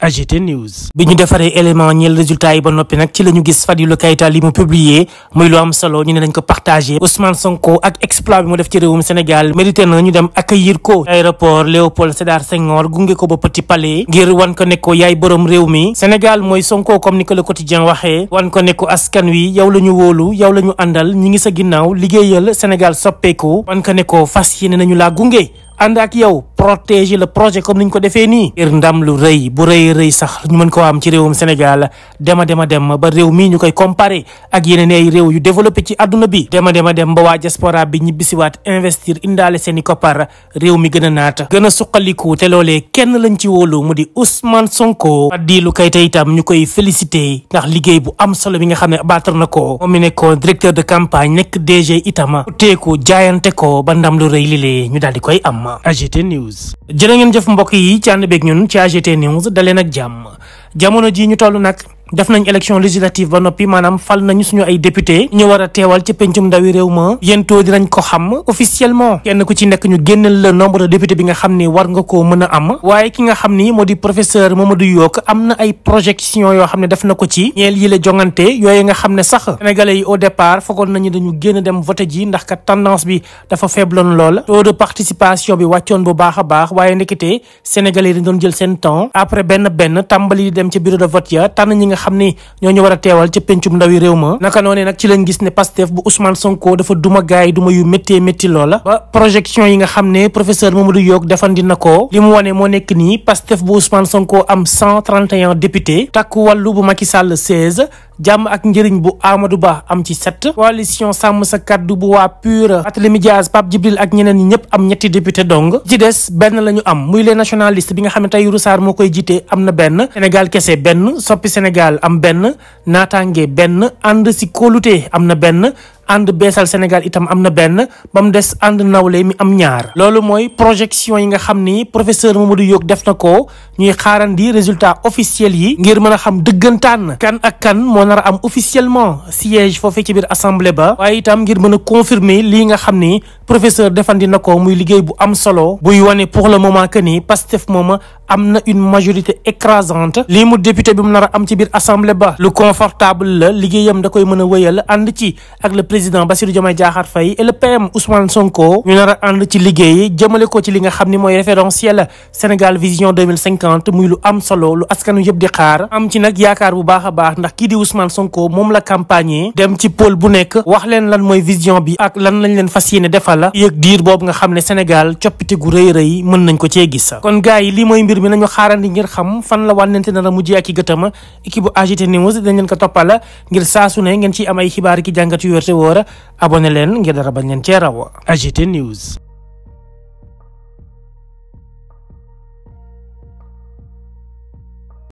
AGT News bi ñu defaree élément ñeel résultat yi ba noppi nag ci la ñu gis Fadilou Keita li mu publier muy lu am solo ñu ne nañ ko partagé Ousmane Sonko ak exploit bi mu def ci réewum Sénégal mérité na ñu dem accueillir ko aéroport Léopold Sédar Senghor gunge ko ba Petit Palais ngir wan ko ne ko yaay borom réew mi Sénégal mooy Sonko comme ni ko le quotidien waxee wan ko ne ko askan wi yow la ñu wóolu yow la ñu àndal ñi ngi sa ginnaaw liggéeyal Sénégal soppeeku wan ko ne ko fas yéene nañu laa gunge ànd ak yow protéger la projet comme ni ñu ko defee nii ngir ndam lu rëy bu rëy rëy sax ñu mën ko am ci réewum Sénégal dema dema dem ba réew mii ñu koy comparé ak yeneen réew yu développé ci àdduna bi dema dema dem ba waa diaspora bi ñibbisiwaat investir indaale seeni koppar réew mi gën a naat gën a suqaliku te loolee kenn lañ ci wóolu mu di Ousmane Sonko Fadilou Keita itam ñu koy félicité ndax liggéey bu am solo bi nga xam ne baatar na ko moom mi nekkoon directeur de campagne nekk DG itam teeku jaayante ko ba ndam lu rëy li ñu daal di koy am AGT News jërë ngeen jëf mbok yi ci ànd beeg ñun ci AGT News daleen ak jàmm jamono ji ñu toll nag def nañ élection législative ba noppi maanaam fal nañu suñu ay député ñu war a teewal ci pencum ndawi réew ma yentoo dinañ ko xam officiellement kenn ku ci nekk ñu génneel la nombre de député bi nga xam ni war nga ko mën am waaye ki nga xam ni moo di professeur Mamadou Yok am na ay projection yoo xam ne def na ko ci ñeel yi la jongante yooyu nga xam ne sax sénégalais yi au départ foogoon nañu dañu génn dem voté ji ndax kat tendance bi dafa faibloon lool taux participation bi wàccoon bu baax a baax waaye ndekete sénégalais yi dañ doon jël seen temps après benn benn tàmbali dem ci bureau de vote ya tànn xam ni ñoo ñu war a teewal ca pencum ndawi réew ma naka noonee nag ci leen gis ne Pastef bu Ousmane Sonko dafa duma gaay duma yu méttee métti loola ba projection yi nga xam ne professeur Mamadou yoog defandi na ko li mu wane moo nekk nii Pastef bu Ousmane Sonko am cent 131 députés takku wàllu bu Macky Sall 16 jàmm ak njëriñ bu Amadou Ba am ci sept coalition sàmm sa kàddu bu waa PUR Barthélémy Dias Pape Djibril ak ñeneen ñi ñëpp am ñetti député dong ci des benn la ñu am muy les nationalistes bi nga xam ne tey Roussard moo koy jiite am na benn Sénégal kese benn soppi Sénégal am benn naataange benn ànd si kóolute am na benn ànd beesal Sénégal itam am na benn ba mu des ànd nawle mi am ñaar loolu mooy projection yi nga xam ni professeur Mamadou Diop def na ko ñuy xaarandi résultat officiel yi ngir mën a xam dëggantaan kan ak kan moo nar a am officiellement siège foofee ci biir assemblée ba waaye itam ngir mën a confirmer lii nga xam ni professeur defandi na ko muy liggéey bu am solo buy wane pour la moment que ni Pastef moom am na une majorité écrasante lii mu député bi mu nar a am ci biir ba lu confortable la liggéeyam président Bassirou Diomaye Diakhar Faye et le PM Sonko ñu nar a ci liggéey jëmale ko ci li nga xam ni mooy référentiel Sénégal vision muy lu am solo lu askanu yëpp di xaar am ci nag yaakaar bu baax a baax ndax kii di Ousmane Sonko moom la campagne dem ci pôle bu nekk wax leen lan mooy vision bi ak lañ leen fas defal yëg diir boobu nga xam ne Sénégal coppite gu rëy rëy mën nañ ko cee gis kon gars yi mooy mbir mi nañu xaarandi ngir xam fan la wànnente a wóor abonné leen ngir dara bañ leen cee raw News